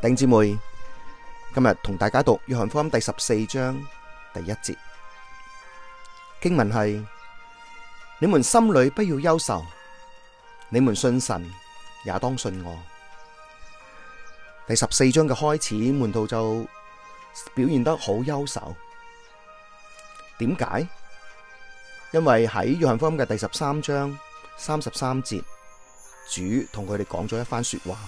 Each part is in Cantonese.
弟兄姊妹，今日同大家讀約翰福音第十四章第一節，經文係，你們心裡不要憂愁，你們信神也當信我。第十四章嘅開始，門徒就表現得好憂愁。點解？因為喺約翰福音嘅第十三章三十三節，主同佢哋講咗一番說話。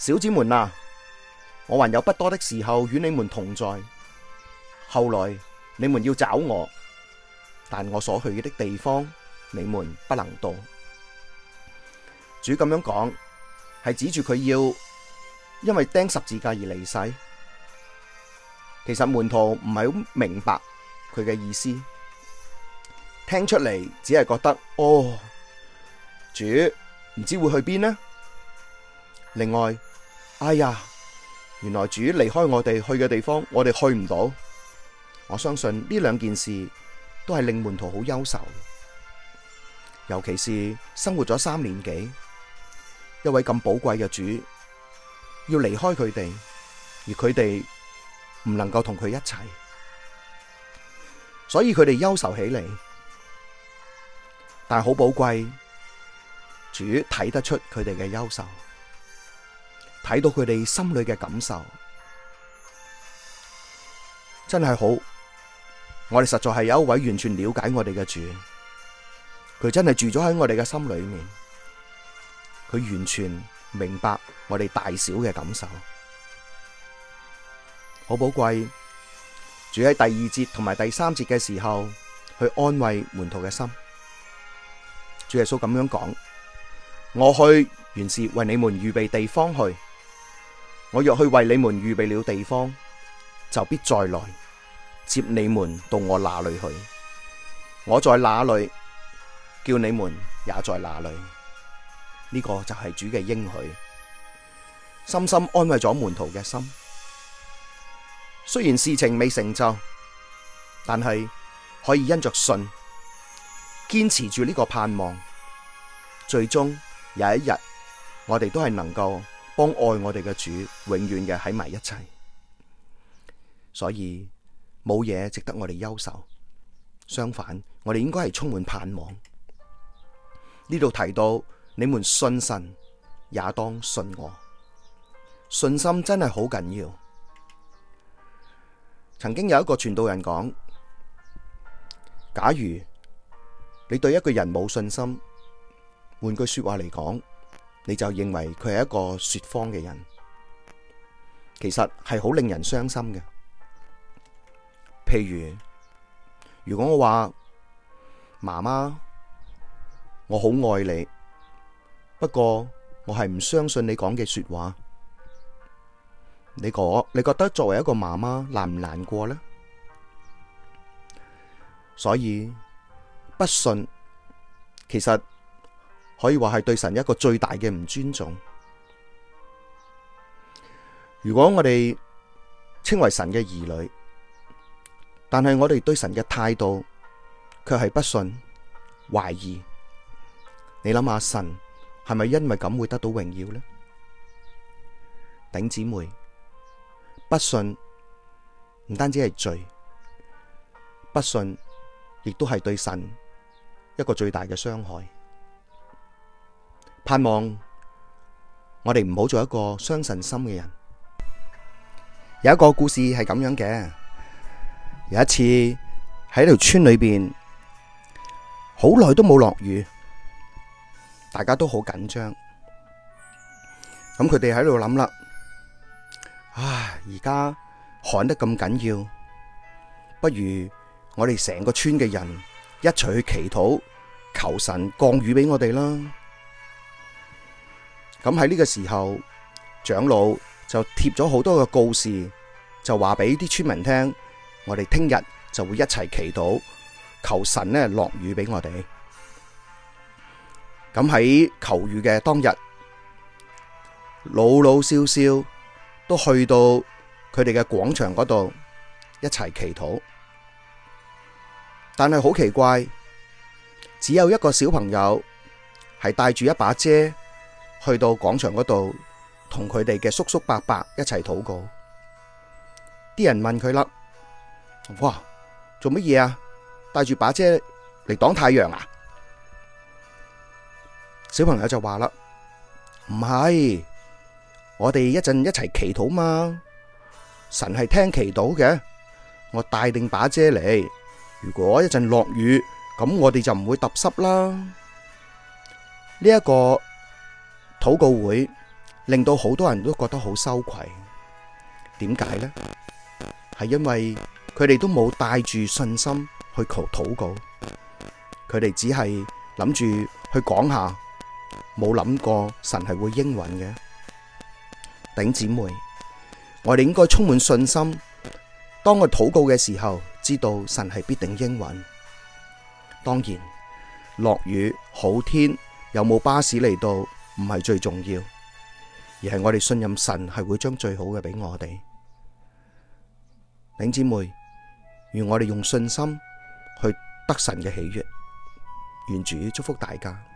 小子們啊，我還有不多的時候與你們同在。後來你們要找我，但我所去的地方你們不能到。主咁樣講，係指住佢要因為釘十字架而離世。其實門徒唔係好明白佢嘅意思，聽出嚟只係覺得，哦，主唔知會去邊呢？另外。哎呀，原來主離開我哋去嘅地方，我哋去唔到。我相信呢兩件事都係令門徒好憂愁，尤其是生活咗三年幾，一位咁寶貴嘅主要離開佢哋，而佢哋唔能夠同佢一齊，所以佢哋憂愁起嚟。但係好寶貴，主睇得出佢哋嘅憂愁。睇到佢哋心裏嘅感受，真係好。我哋實在係有一位完全了解我哋嘅主，佢真係住咗喺我哋嘅心裏面，佢完全明白我哋大小嘅感受，好寶貴。住喺第二節同埋第三節嘅時候，去安慰門徒嘅心。主耶穌咁樣講，我去原是為你們預備地方去。我若去為你們預備了地方，就必再來接你們到我那裏去。我在哪裏，叫你們也在哪裏。呢、這個就係主嘅應許，深深安慰咗門徒嘅心。雖然事情未成就，但係可以因着信，堅持住呢個盼望，最終有一日，我哋都係能夠。當愛我哋嘅主永遠嘅喺埋一齊，所以冇嘢值得我哋憂愁。相反，我哋應該係充滿盼望。呢度提到你們信神，也當信我。信心真係好緊要。曾經有一個傳道人講：假如你對一個人冇信心，換句說話嚟講。你就認為佢係一個說謊嘅人，其實係好令人傷心嘅。譬如，如果我話媽媽，我好愛你，不過我係唔相信你講嘅說話，你覺你覺得作為一個媽媽難唔難過呢？所以，不信，其實。可以話係對神一個最大嘅唔尊重。如果我哋稱為神嘅兒女，但係我哋對神嘅態度卻係不信懷疑。你諗下神係咪因為咁會得到榮耀呢？頂姊妹，不信唔單止係罪，不信亦都係對神一個最大嘅傷害。盼望我哋唔好做一個相信心嘅人。有一個故事係咁樣嘅，有一次喺條村裏邊，好耐都冇落雨，大家都好緊張。咁佢哋喺度諗啦，唉，而家旱得咁緊要，不如我哋成個村嘅人一齊去祈禱，求神降雨俾我哋啦。咁喺呢個時候，長老就貼咗好多嘅告示，就話俾啲村民聽：「我哋聽日就會一齊祈禱，求神咧落雨俾我哋。咁喺求雨嘅當日，老老少少都去到佢哋嘅廣場嗰度一齊祈禱。但係好奇怪，只有一個小朋友係帶住一把遮。去到廣場嗰度，同佢哋嘅叔叔伯伯一齊禱告。啲人問佢啦：哇，做乜嘢啊？帶住把遮嚟擋太陽啊？小朋友就話啦：唔係，我哋一陣一齊祈禱嘛。神係聽祈禱嘅。我帶定把遮嚟，如果一陣落雨，咁我哋就唔會揼濕啦。呢、這、一個。禱告會令到好多人都覺得好羞愧，點解呢？係因為佢哋都冇帶住信心去求禱告，佢哋只係諗住去講下，冇諗過神係會應允嘅。頂姊妹，我哋應該充滿信心，當我禱告嘅時候，知道神係必定應允。當然，落雨、好天，有冇巴士嚟到？唔係最重要，而係我哋信任神係會將最好嘅俾我哋。弟兄姊妹，願我哋用信心去得神嘅喜悦。願主祝福大家。